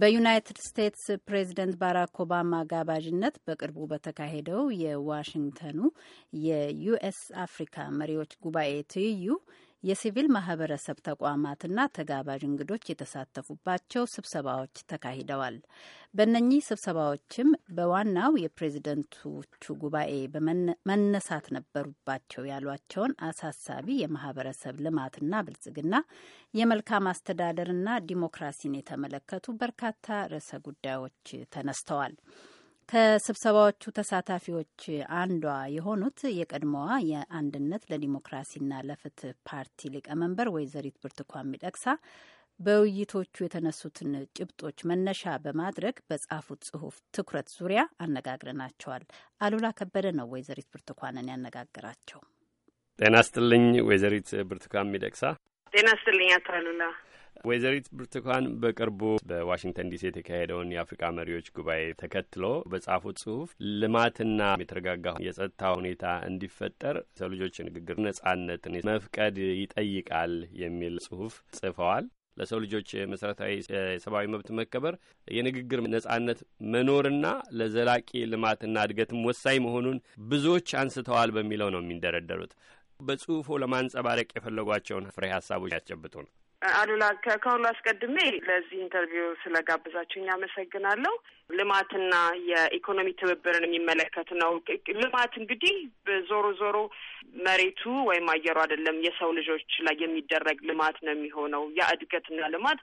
በዩናይትድ ስቴትስ ፕሬዚደንት ባራክ ኦባማ ጋባዥነት በቅርቡ በተካሄደው የዋሽንግተኑ የዩኤስ አፍሪካ መሪዎች ጉባኤ ትይዩ የሲቪል ማህበረሰብ ተቋማትና ተጋባዥ እንግዶች የተሳተፉባቸው ስብሰባዎች ተካሂደዋል። በእነኚህ ስብሰባዎችም በዋናው የፕሬዝደንቶቹ ጉባኤ መነሳት ነበሩባቸው ያሏቸውን አሳሳቢ የማህበረሰብ ልማትና ብልጽግና፣ የመልካም አስተዳደርና ዲሞክራሲን የተመለከቱ በርካታ ርዕሰ ጉዳዮች ተነስተዋል። ከስብሰባዎቹ ተሳታፊዎች አንዷ የሆኑት የቀድሞዋ የአንድነት ለዲሞክራሲና ለፍትህ ፓርቲ ሊቀመንበር ወይዘሪት ብርቱካን ሚደቅሳ በውይይቶቹ የተነሱትን ጭብጦች መነሻ በማድረግ በጻፉት ጽሁፍ ትኩረት ዙሪያ አነጋግረናቸዋል። አሉላ ከበደ ነው ወይዘሪት ብርቱካንን ያነጋግራቸው። ጤና ስጥልኝ ወይዘሪት ብርቱካን ሚደቅሳ። ጤና ስጥልኝ አቶ አሉላ። ወይዘሪት ብርቱካን በቅርቡ በዋሽንግተን ዲሲ የተካሄደውን የአፍሪካ መሪዎች ጉባኤ ተከትሎ በጻፉት ጽሁፍ ልማትና የተረጋጋ የጸጥታ ሁኔታ እንዲፈጠር ሰው ልጆች ንግግር ነጻነትን መፍቀድ ይጠይቃል የሚል ጽሁፍ ጽፈዋል። ለሰው ልጆች መሰረታዊ የሰብአዊ መብት መከበር የንግግር ነጻነት መኖርና ለዘላቂ ልማትና እድገትም ወሳኝ መሆኑን ብዙዎች አንስተዋል በሚለው ነው የሚንደረደሩት። በጽሁፎ ለማንጸባረቅ የፈለጓቸውን ፍሬ ሀሳቦች ያስጨብጡ ነው። አሉላ ከሁሉ አስቀድሜ ለዚህ ኢንተርቪው ስለጋብዛችሁኝ አመሰግናለሁ። ልማትና የኢኮኖሚ ትብብርን የሚመለከት ነው። ልማት እንግዲህ ዞሮ ዞሮ መሬቱ ወይም አየሩ አይደለም የሰው ልጆች ላይ የሚደረግ ልማት ነው የሚሆነው። ያ እድገትና ልማት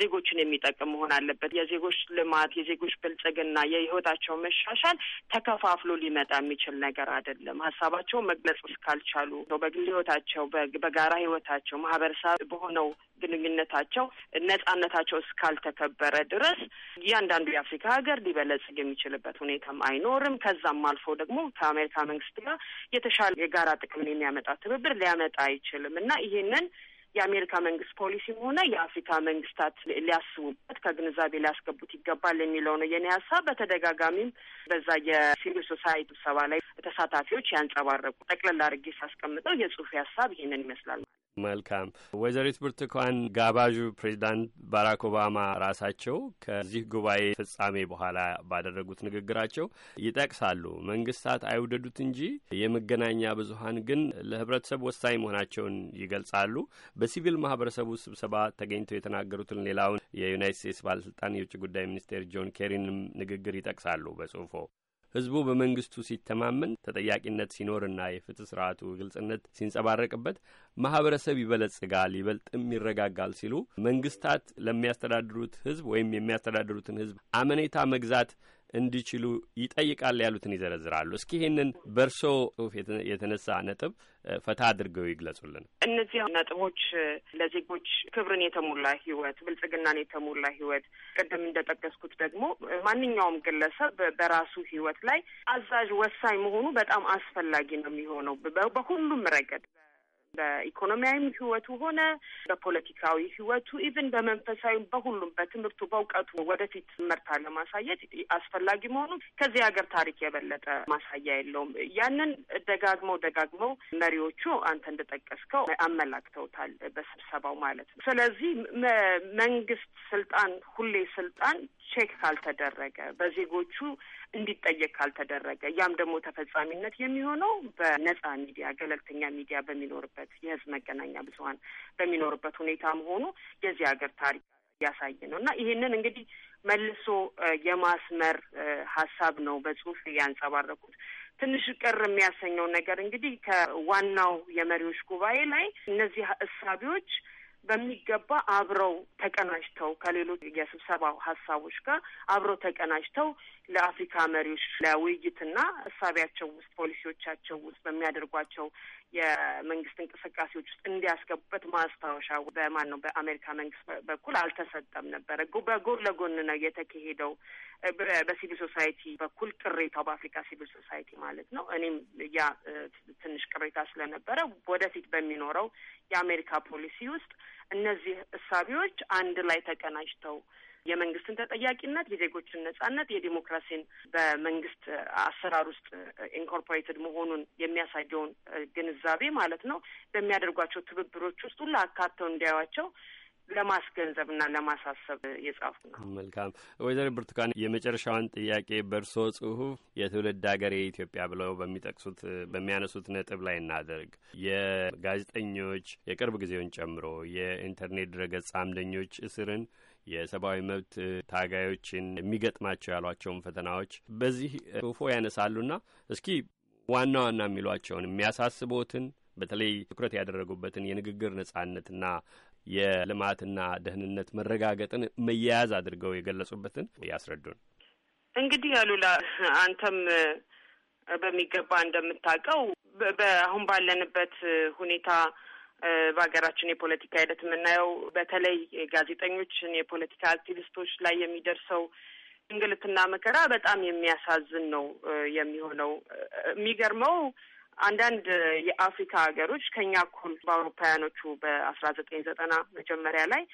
ዜጎችን የሚጠቅም መሆን አለበት። የዜጎች ልማት፣ የዜጎች ብልጽግና፣ የህይወታቸው መሻሻል ተከፋፍሎ ሊመጣ የሚችል ነገር አይደለም። ሀሳባቸው መግለጽ እስካልቻሉ በግል ህይወታቸው፣ በጋራ ህይወታቸው፣ ማህበረሰብ በሆነው ግንኙነታቸው ነጻነታቸው እስካልተከበረ ድረስ እያንዳንዱ የአፍሪካ ሀገር ሊበለጽግ የሚችልበት ሁኔታም አይኖርም። ከዛም አልፎ ደግሞ ከአሜሪካ መንግስት ጋር የተሻለ የጋራ ጥቅምን የሚያመጣ ትብብር ሊያመጣ አይችልም እና ይሄንን የአሜሪካ መንግስት ፖሊሲም ሆነ የአፍሪካ መንግስታት ሊያስቡበት ከግንዛቤ ሊያስገቡት ይገባል የሚለው ነው የኔ ሀሳብ። በተደጋጋሚም በዛ የሲቪል ሶሳይቲ ስብሰባ ላይ ተሳታፊዎች ያንጸባረቁ ጠቅለላ አድርጌ ሳስቀምጠው የጽሁፌ ሀሳብ ይህንን ይመስላል። መልካም ወይዘሪት ብርቱካን ጋባዡ ፕሬዚዳንት ባራክ ኦባማ ራሳቸው ከዚህ ጉባኤ ፍጻሜ በኋላ ባደረጉት ንግግራቸው ይጠቅሳሉ። መንግስታት አይውደዱት እንጂ የመገናኛ ብዙሀን ግን ለህብረተሰብ ወሳኝ መሆናቸውን ይገልጻሉ። በሲቪል ማህበረሰቡ ስብሰባ ተገኝተው የተናገሩትን ሌላውን የዩናይት ስቴትስ ባለስልጣን የውጭ ጉዳይ ሚኒስቴር ጆን ኬሪንም ንግግር ይጠቅሳሉ በጽሁፎ ህዝቡ በመንግስቱ ሲተማመን ተጠያቂነት ሲኖርና የፍትህ ስርዓቱ ግልጽነት ሲንጸባረቅበት ማህበረሰብ ይበለጽጋል፣ ይበልጥም ይረጋጋል ሲሉ መንግስታት ለሚያስተዳድሩት ህዝብ ወይም የሚያስተዳድሩትን ህዝብ አመኔታ መግዛት እንዲችሉ ይጠይቃል ያሉትን ይዘረዝራሉ። እስኪ ይህንን በእርሶ ጽሁፍ የተነሳ ነጥብ ፈታ አድርገው ይግለጹልን። እነዚህ ነጥቦች ለዜጎች ክብርን የተሞላ ህይወት፣ ብልጽግናን የተሞላ ህይወት፣ ቅድም እንደጠቀስኩት ደግሞ ማንኛውም ግለሰብ በራሱ ህይወት ላይ አዛዥ ወሳኝ መሆኑ በጣም አስፈላጊ ነው የሚሆነው በሁሉም ረገድ በኢኮኖሚያዊም ህይወቱ ሆነ በፖለቲካዊ ህይወቱ ኢቭን በመንፈሳዊም በሁሉም በትምህርቱ በእውቀቱ ወደፊት መርታ ለማሳየት አስፈላጊ መሆኑ ከዚህ ሀገር ታሪክ የበለጠ ማሳያ የለውም። ያንን ደጋግመው ደጋግመው መሪዎቹ አንተ እንደጠቀስከው አመላክተውታል በስብሰባው ማለት ነው። ስለዚህ መንግስት ስልጣን ሁሌ ስልጣን ቼክ ካልተደረገ በዜጎቹ እንዲጠየቅ ካልተደረገ ያም ደግሞ ተፈጻሚነት የሚሆነው በነጻ ሚዲያ ገለልተኛ ሚዲያ በሚኖርበት የህዝብ መገናኛ ብዙሀን በሚኖርበት ሁኔታ መሆኑ የዚህ ሀገር ታሪክ ያሳይ ነው እና ይሄንን እንግዲህ መልሶ የማስመር ሀሳብ ነው በጽሁፍ ያንጸባረቁት። ትንሽ ቅር የሚያሰኘው ነገር እንግዲህ ከዋናው የመሪዎች ጉባኤ ላይ እነዚህ እሳቢዎች በሚገባ አብረው ተቀናጅተው ከሌሎች የስብሰባው ሀሳቦች ጋር አብረው ተቀናጅተው ለአፍሪካ መሪዎች ለውይይትና እሳቢያቸው ውስጥ ፖሊሲዎቻቸው ውስጥ በሚያደርጓቸው የመንግስት እንቅስቃሴዎች ውስጥ እንዲያስገቡበት ማስታወሻ በማን ነው በአሜሪካ መንግስት በኩል አልተሰጠም ነበረ። በጎን ለጎን ነው የተካሄደው። በሲቪል ሶሳይቲ በኩል ቅሬታው በአፍሪካ ሲቪል ሶሳይቲ ማለት ነው። እኔም ያ ትንሽ ቅሬታ ስለነበረ ወደፊት በሚኖረው የአሜሪካ ፖሊሲ ውስጥ እነዚህ እሳቢዎች አንድ ላይ ተቀናጅተው የመንግስትን ተጠያቂነት፣ የዜጎችን ነጻነት፣ የዲሞክራሲን በመንግስት አሰራር ውስጥ ኢንኮርፖሬትድ መሆኑን የሚያሳየውን ግንዛቤ ማለት ነው በሚያደርጓቸው ትብብሮች ውስጥ ሁላ አካተው እንዲያዩዋቸው ለማስገንዘብ ለማሳሰብ የጻፉ ነው። መልካም ወይዘሮ ብርቱካን የመጨረሻውን ጥያቄ በእርሶ ጽሁፍ የትውልድ ሀገር የኢትዮጵያ ብለው በሚጠቅሱት በሚያነሱት ነጥብ ላይ እናደርግ የጋዜጠኞች የቅርብ ጊዜውን ጨምሮ የኢንተርኔት ድረገጽ አምደኞች እስርን የሰብአዊ መብት ታጋዮችን የሚገጥማቸው ያሏቸውን ፈተናዎች በዚህ ጽሁፎ ያነሳሉና እስኪ ዋና ዋና የሚሏቸውን የሚያሳስቦትን በተለይ ትኩረት ያደረጉበትን የንግግር ነጻነትና የልማትና ደህንነት መረጋገጥን መያያዝ አድርገው የገለጹበትን ያስረዱን። እንግዲህ አሉላ አንተም በሚገባ እንደምታውቀው በአሁን ባለንበት ሁኔታ በሀገራችን የፖለቲካ ሂደት የምናየው በተለይ ጋዜጠኞችን፣ የፖለቲካ አክቲቪስቶች ላይ የሚደርሰው እንግልትና መከራ በጣም የሚያሳዝን ነው የሚሆነው። የሚገርመው አንዳንድ የአፍሪካ ሀገሮች ከኛ እኩል በአውሮፓውያኖቹ በአስራ ዘጠኝ ዘጠና መጀመሪያ ላይ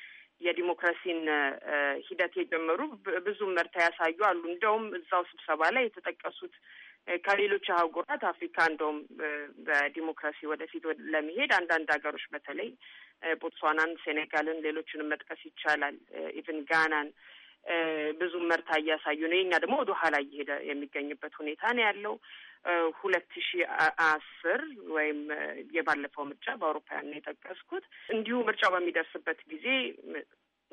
የዲሞክራሲን ሂደት የጀመሩ ብዙም መርታ ያሳዩ አሉ። እንደውም እዛው ስብሰባ ላይ የተጠቀሱት ከሌሎች አህጉራት አፍሪካ እንደውም በዲሞክራሲ ወደፊት ለመሄድ አንዳንድ ሀገሮች በተለይ ቦትስዋናን፣ ሴኔጋልን፣ ሌሎችንም መጥቀስ ይቻላል። ኢቭን ጋናን ብዙ መርታ እያሳዩ ነው። የኛ ደግሞ ወደ ኋላ እየሄደ የሚገኝበት ሁኔታ ነው ያለው። ሁለት ሺ አስር ወይም የባለፈው ምርጫ በአውሮፓውያን ነው የጠቀስኩት። እንዲሁ ምርጫው በሚደርስበት ጊዜ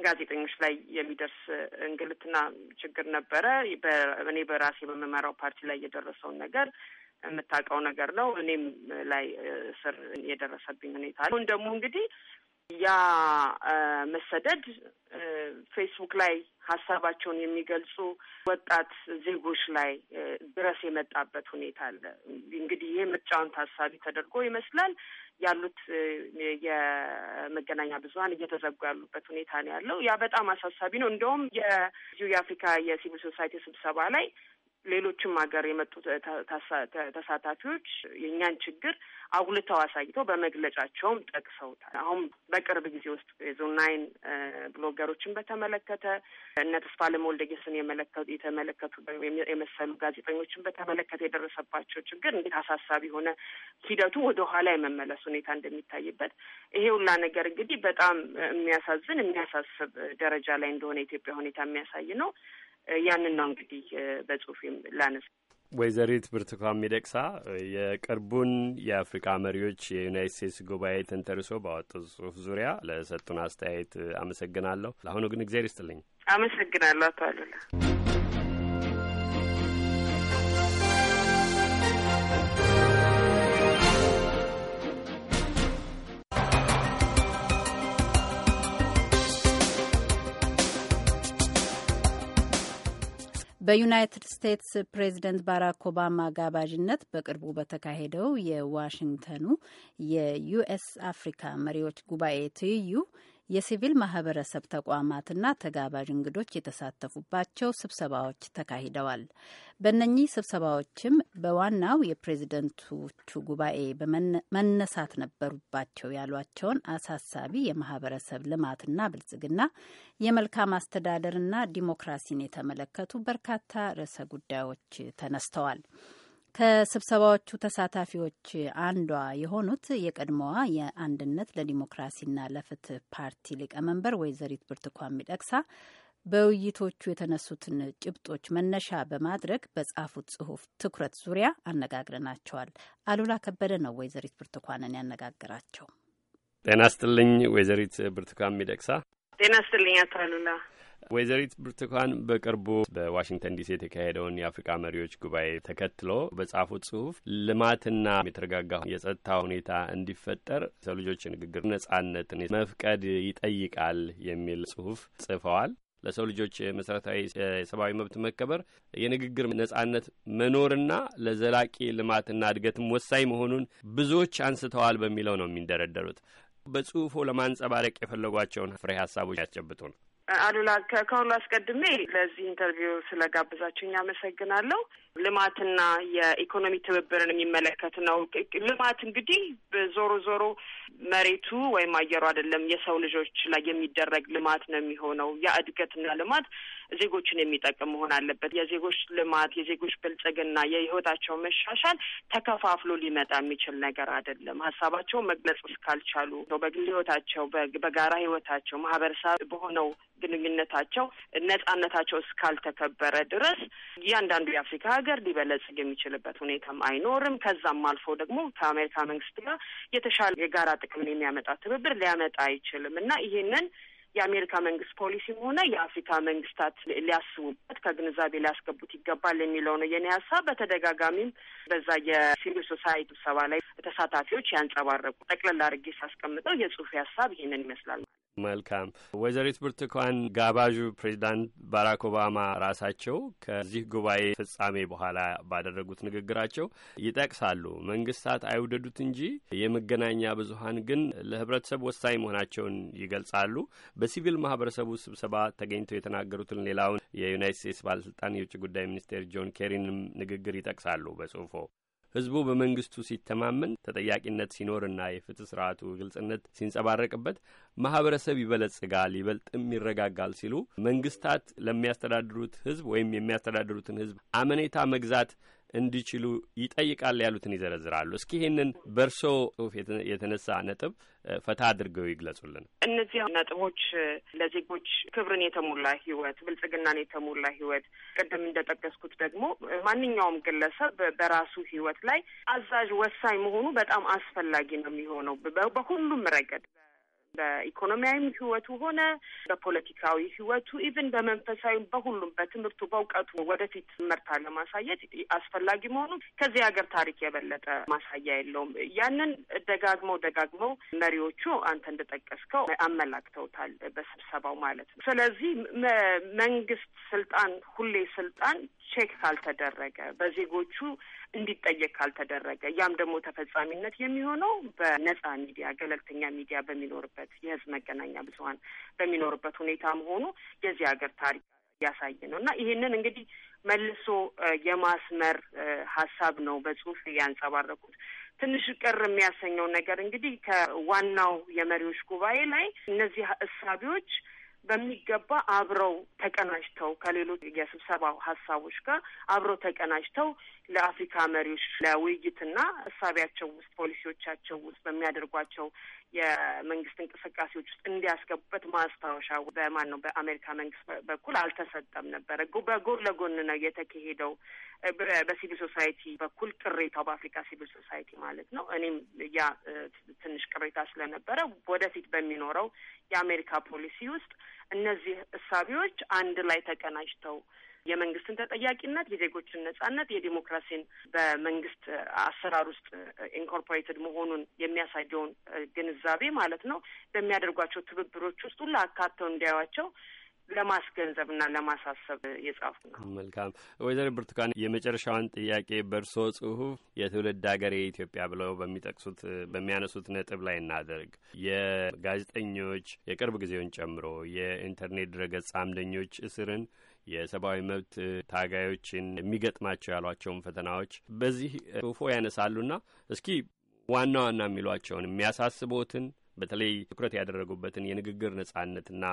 ጋዜጠኞች ላይ የሚደርስ እንግልትና ችግር ነበረ። እኔ በራሴ በመመራው ፓርቲ ላይ የደረሰውን ነገር የምታውቀው ነገር ነው። እኔም ላይ እስር የደረሰብኝ ሁኔታ አሁን ደግሞ እንግዲህ ያ መሰደድ ፌስቡክ ላይ ሀሳባቸውን የሚገልጹ ወጣት ዜጎች ላይ ድረስ የመጣበት ሁኔታ አለ። እንግዲህ ይሄ ምርጫውን ታሳቢ ተደርጎ ይመስላል ያሉት የመገናኛ ብዙኃን እየተዘጉ ያሉበት ሁኔታ ነው ያለው። ያ በጣም አሳሳቢ ነው። እንደውም የዚሁ የአፍሪካ የሲቪል ሶሳይቲ ስብሰባ ላይ ሌሎችም ሀገር የመጡ ተሳታፊዎች የእኛን ችግር አጉልተው አሳይተው በመግለጫቸውም ጠቅሰውታል። አሁን በቅርብ ጊዜ ውስጥ የዞን ናይን ብሎገሮችን በተመለከተ እነ ተስፋለም ወልደየስን የተመለከቱ የመሰሉ ጋዜጠኞችን በተመለከተ የደረሰባቸው ችግር እንዴት አሳሳቢ የሆነ ሂደቱ ወደ ኋላ የመመለስ ሁኔታ እንደሚታይበት ይሄ ሁላ ነገር እንግዲህ በጣም የሚያሳዝን የሚያሳስብ ደረጃ ላይ እንደሆነ የኢትዮጵያ ሁኔታ የሚያሳይ ነው። ያንን ነው እንግዲህ በጽሁፍ ላነሳ ወይዘሪት ብርቱካን ሚደቅሳ የቅርቡን የአፍሪካ መሪዎች የዩናይት ስቴትስ ጉባኤ ተንተርሶ ባወጡት ጽሁፍ ዙሪያ ለሰጡን አስተያየት አመሰግናለሁ። ለአሁኑ ግን እግዚአብሔር ይስጥልኝ። አመሰግናለሁ አቶ አሉላ። በዩናይትድ ስቴትስ ፕሬዚደንት ባራክ ኦባማ አጋባዥነት በቅርቡ በተካሄደው የዋሽንግተኑ የዩኤስ አፍሪካ መሪዎች ጉባኤ ትይዩ የሲቪል ማህበረሰብ ተቋማትና ተጋባዥ እንግዶች የተሳተፉባቸው ስብሰባዎች ተካሂደዋል። በእነኚህ ስብሰባዎችም በዋናው የፕሬዝደንቶቹ ጉባኤ መነሳት ነበሩባቸው ያሏቸውን አሳሳቢ የማህበረሰብ ልማትና ብልጽግና፣ የመልካም አስተዳደርና ዲሞክራሲን የተመለከቱ በርካታ ርዕሰ ጉዳዮች ተነስተዋል። ከስብሰባዎቹ ተሳታፊዎች አንዷ የሆኑት የቀድሞዋ የአንድነት ለዲሞክራሲና ለፍትህ ፓርቲ ሊቀመንበር ወይዘሪት ብርቱካን ሚደቅሳ በውይይቶቹ የተነሱትን ጭብጦች መነሻ በማድረግ በጻፉት ጽሁፍ ትኩረት ዙሪያ አነጋግረናቸዋል። አሉላ ከበደ ነው ወይዘሪት ብርቱካንን ያነጋግራቸው። ጤና ስጥልኝ ወይዘሪት ብርቱካን ሚደቅሳ። ጤና ስጥልኝ አቶ አሉላ። ወይዘሪት ብርቱካን በቅርቡ በዋሽንግተን ዲሲ የተካሄደውን የአፍሪካ መሪዎች ጉባኤ ተከትሎ በጻፉት ጽሁፍ ልማትና የተረጋጋ የጸጥታ ሁኔታ እንዲፈጠር የሰው ልጆች ንግግር ነጻነትን መፍቀድ ይጠይቃል የሚል ጽሁፍ ጽፈዋል። ለሰው ልጆች መሰረታዊ የሰብአዊ መብት መከበር የንግግር ነጻነት መኖርና ለዘላቂ ልማትና እድገትም ወሳኝ መሆኑን ብዙዎች አንስተዋል በሚለው ነው የሚንደረደሩት። በጽሁፉ ለማንጸባረቅ የፈለጓቸውን ፍሬ ሀሳቦች ያስጨብጡ ነው። አሉላ ከሁሉ አስቀድሜ ለዚህ ኢንተርቪው ስለጋብዛችሁኝ አመሰግናለሁ። ልማትና የኢኮኖሚ ትብብርን የሚመለከት ነው። ልማት እንግዲህ ዞሮ ዞሮ መሬቱ ወይም አየሩ አይደለም የሰው ልጆች ላይ የሚደረግ ልማት ነው የሚሆነው። የእድገትና ልማት ዜጎችን የሚጠቅም መሆን አለበት። የዜጎች ልማት፣ የዜጎች ብልጽግና፣ የህይወታቸው መሻሻል ተከፋፍሎ ሊመጣ የሚችል ነገር አይደለም። ሀሳባቸው መግለጽ እስካልቻሉ በግል ህይወታቸው፣ በጋራ ህይወታቸው፣ ማህበረሰብ በሆነው ግንኙነታቸው ነጻነታቸው እስካልተከበረ ድረስ እያንዳንዱ የአፍሪካ ሀገር ሊበለጽግ የሚችልበት ሁኔታም አይኖርም። ከዛም አልፎ ደግሞ ከአሜሪካ መንግስት ጋር የተሻለ የጋራ ጥቅምን የሚያመጣ ትብብር ሊያመጣ አይችልም እና ይህንን የአሜሪካ መንግስት ፖሊሲም ሆነ የአፍሪካ መንግስታት ሊያስቡበት ከግንዛቤ ሊያስገቡት ይገባል የሚለው ነው የኔ ሀሳብ። በተደጋጋሚም በዛ የሲቪል ሶሳይቲ ስብሰባ ላይ ተሳታፊዎች ያንጸባረቁ ጠቅለላ አድርጌ ሳስቀምጠው የጽሁፍ ሀሳብ ይህንን ይመስላል። መልካም ወይዘሪት ብርቱካን ጋባዡ ፕሬዚዳንት ባራክ ኦባማ ራሳቸው ከዚህ ጉባኤ ፍጻሜ በኋላ ባደረጉት ንግግራቸው ይጠቅሳሉ። መንግስታት አይውደዱት እንጂ የመገናኛ ብዙሀን ግን ለህብረተሰብ ወሳኝ መሆናቸውን ይገልጻሉ። በሲቪል ማህበረሰቡ ስብሰባ ተገኝተው የተናገሩትን ሌላውን የዩናይት ስቴትስ ባለስልጣን የውጭ ጉዳይ ሚኒስቴር ጆን ኬሪንም ንግግር ይጠቅሳሉ በጽሁፎ ህዝቡ በመንግስቱ ሲተማመን ተጠያቂነት ሲኖርና የፍትህ ስርዓቱ ግልጽነት ሲንጸባረቅበት ማህበረሰብ ይበለጽጋል፣ ይበልጥም ይረጋጋል ሲሉ መንግስታት ለሚያስተዳድሩት ህዝብ ወይም የሚያስተዳድሩትን ህዝብ አመኔታ መግዛት እንዲችሉ ይጠይቃል ያሉትን ይዘረዝራሉ። እስኪ ይህንን በእርሶ ጽሁፍ የተነሳ ነጥብ ፈታ አድርገው ይግለጹልን። እነዚህ ነጥቦች ለዜጎች ክብርን የተሞላ ህይወት፣ ብልጽግናን የተሞላ ህይወት፣ ቅድም እንደጠቀስኩት ደግሞ ማንኛውም ግለሰብ በራሱ ህይወት ላይ አዛዥ ወሳኝ መሆኑ በጣም አስፈላጊ ነው የሚሆነው በሁሉም ረገድ በኢኮኖሚያዊም ህይወቱ ሆነ በፖለቲካዊ ህይወቱ ኢቭን በመንፈሳዊ በሁሉም በትምህርቱ በእውቀቱ ወደፊት መርታ ለማሳየት አስፈላጊ መሆኑ ከዚህ ሀገር ታሪክ የበለጠ ማሳያ የለውም። ያንን ደጋግመው ደጋግመው መሪዎቹ አንተ እንደጠቀስከው አመላክተውታል በስብሰባው ማለት ነው። ስለዚህ መንግስት ስልጣን ሁሌ ስልጣን ቼክ ካልተደረገ በዜጎቹ እንዲጠየቅ ካልተደረገ ያም ደግሞ ተፈጻሚነት የሚሆነው በነጻ ሚዲያ ገለልተኛ ሚዲያ በሚኖርበት የህዝብ መገናኛ ብዙሀን በሚኖርበት ሁኔታ መሆኑ የዚህ ሀገር ታሪክ እያሳየ ነው እና ይህንን እንግዲህ መልሶ የማስመር ሀሳብ ነው በጽሁፍ ያንጸባረቁት። ትንሽ ቅር የሚያሰኘው ነገር እንግዲህ ከዋናው የመሪዎች ጉባኤ ላይ እነዚህ እሳቢዎች በሚገባ አብረው ተቀናጅተው ከሌሎች የስብሰባው ሀሳቦች ጋር አብረው ተቀናጅተው ለአፍሪካ መሪዎች ለውይይትና እሳቢያቸው ውስጥ ፖሊሲዎቻቸው ውስጥ በሚያደርጓቸው የመንግስት እንቅስቃሴዎች ውስጥ እንዲያስገቡበት ማስታወሻ በማን ነው በአሜሪካ መንግስት በኩል አልተሰጠም ነበረ። በጎን ለጎን ነው የተካሄደው። በሲቪል ሶሳይቲ በኩል ቅሬታው በአፍሪካ ሲቪል ሶሳይቲ ማለት ነው። እኔም ያ ትንሽ ቅሬታ ስለነበረ ወደፊት በሚኖረው የአሜሪካ ፖሊሲ ውስጥ እነዚህ እሳቢዎች አንድ ላይ ተቀናጅተው የመንግስትን ተጠያቂነት፣ የዜጎችን ነጻነት፣ የዲሞክራሲን በመንግስት አሰራር ውስጥ ኢንኮርፖሬትድ መሆኑን የሚያሳየውን ግንዛቤ ማለት ነው በሚያደርጓቸው ትብብሮች ውስጥ ሁላ አካተው እንዲያዩዋቸው ለማስገንዘብ ለማሳሰብ የጻፉ ነው። መልካም ወይዘሮ ብርቱካን የመጨረሻውን ጥያቄ በእርሶ ጽሁፍ የትውልድ ሀገር ኢትዮጵያ ብለው በሚጠቅሱት በሚያነሱት ነጥብ ላይ እናደርግ። የጋዜጠኞች የቅርብ ጊዜውን ጨምሮ የኢንተርኔት ድረገጽ አምደኞች እስርን የሰብአዊ መብት ታጋዮችን የሚገጥማቸው ያሏቸውን ፈተናዎች በዚህ ጽሁፎ ያነሳሉና እስኪ ዋና ዋና የሚሏቸውን የሚያሳስቦትን በተለይ ትኩረት ያደረጉበትን የንግግር ነጻነትና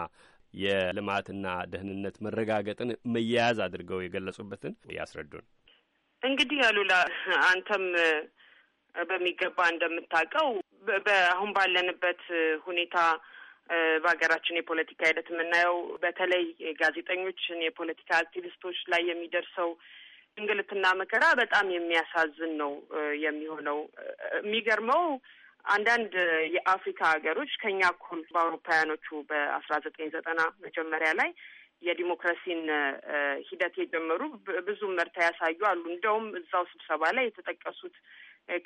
የልማትና ደህንነት መረጋገጥን መያያዝ አድርገው የገለጹበትን ያስረዱን። እንግዲህ አሉላ አንተም በሚገባ እንደምታውቀው በአሁን ባለንበት ሁኔታ በሀገራችን የፖለቲካ ሂደት የምናየው በተለይ ጋዜጠኞችን፣ የፖለቲካ አክቲቪስቶች ላይ የሚደርሰው እንግልትና መከራ በጣም የሚያሳዝን ነው የሚሆነው። የሚገርመው አንዳንድ የአፍሪካ ሀገሮች ከኛ እኩል በአውሮፓውያኖቹ በአስራ ዘጠኝ ዘጠና መጀመሪያ ላይ የዲሞክራሲን ሂደት የጀመሩ ብዙም መርታ ያሳዩ አሉ። እንደውም እዛው ስብሰባ ላይ የተጠቀሱት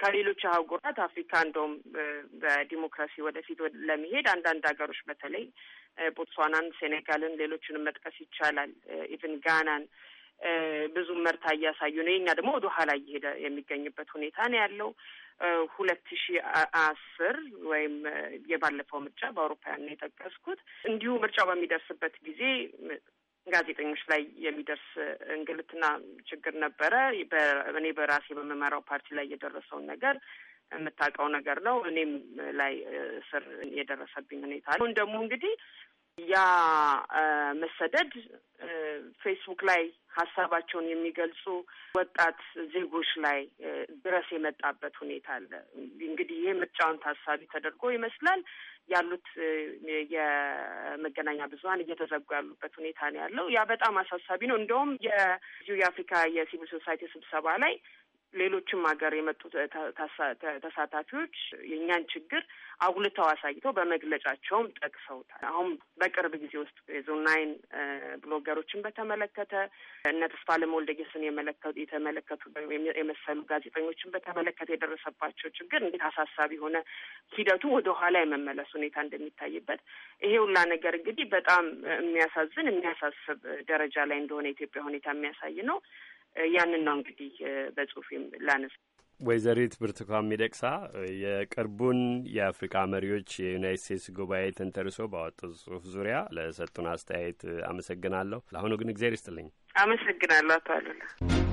ከሌሎች አህጉራት አፍሪካ እንደውም በዲሞክራሲ ወደፊት ለመሄድ አንዳንድ ሀገሮች በተለይ ቦትስዋናን፣ ሴኔጋልን፣ ሌሎችንም መጥቀስ ይቻላል። ኢቭን ጋናን ብዙ መርታ እያሳዩ ነው። የኛ ደግሞ ወደ ኋላ እየሄደ የሚገኝበት ሁኔታ ነው ያለው። ሁለት ሺ አስር ወይም የባለፈው ምርጫ በአውሮፓውያን ነው የጠቀስኩት። እንዲሁ ምርጫው በሚደርስበት ጊዜ ጋዜጠኞች ላይ የሚደርስ እንግልትና ችግር ነበረ። እኔ በራሴ በመመራው ፓርቲ ላይ የደረሰውን ነገር የምታውቀው ነገር ነው። እኔም ላይ እስር የደረሰብኝ ሁኔታ አሁን ደግሞ እንግዲህ ያ መሰደድ ፌስቡክ ላይ ሀሳባቸውን የሚገልጹ ወጣት ዜጎች ላይ ድረስ የመጣበት ሁኔታ አለ። እንግዲህ ይሄ ምርጫውን ታሳቢ ተደርጎ ይመስላል ያሉት የመገናኛ ብዙኃን እየተዘጉ ያሉበት ሁኔታ ነው ያለው። ያ በጣም አሳሳቢ ነው። እንደውም የዚሁ የአፍሪካ የሲቪል ሶሳይቲ ስብሰባ ላይ ሌሎችም ሀገር የመጡ ተሳታፊዎች የእኛን ችግር አጉልተው አሳይተው በመግለጫቸውም ጠቅሰውታል። አሁን በቅርብ ጊዜ ውስጥ የዞን ናይን ብሎገሮችን በተመለከተ እነ ተስፋለም ወልደየስን የተመለከቱ የመሰሉ ጋዜጠኞችን በተመለከተ የደረሰባቸው ችግር እንዴት አሳሳቢ የሆነ ሂደቱ ወደ ኋላ የመመለስ ሁኔታ እንደሚታይበት ይሄ ሁላ ነገር እንግዲህ በጣም የሚያሳዝን የሚያሳስብ ደረጃ ላይ እንደሆነ የኢትዮጵያ ሁኔታ የሚያሳይ ነው። ያንን ነው እንግዲህ በጽሁፌም ላነሳ ወይዘሪት ብርቱካን ሚደቅሳ የቅርቡን የአፍሪካ መሪዎች የዩናይት ስቴትስ ጉባኤ ተንተርሶ ባወጡ ጽሁፍ ዙሪያ ለሰጡን አስተያየት አመሰግናለሁ። ለአሁኑ ግን እግዚአብሔር ይስጥልኝ። አመሰግናለሁ አቶ አሉላ።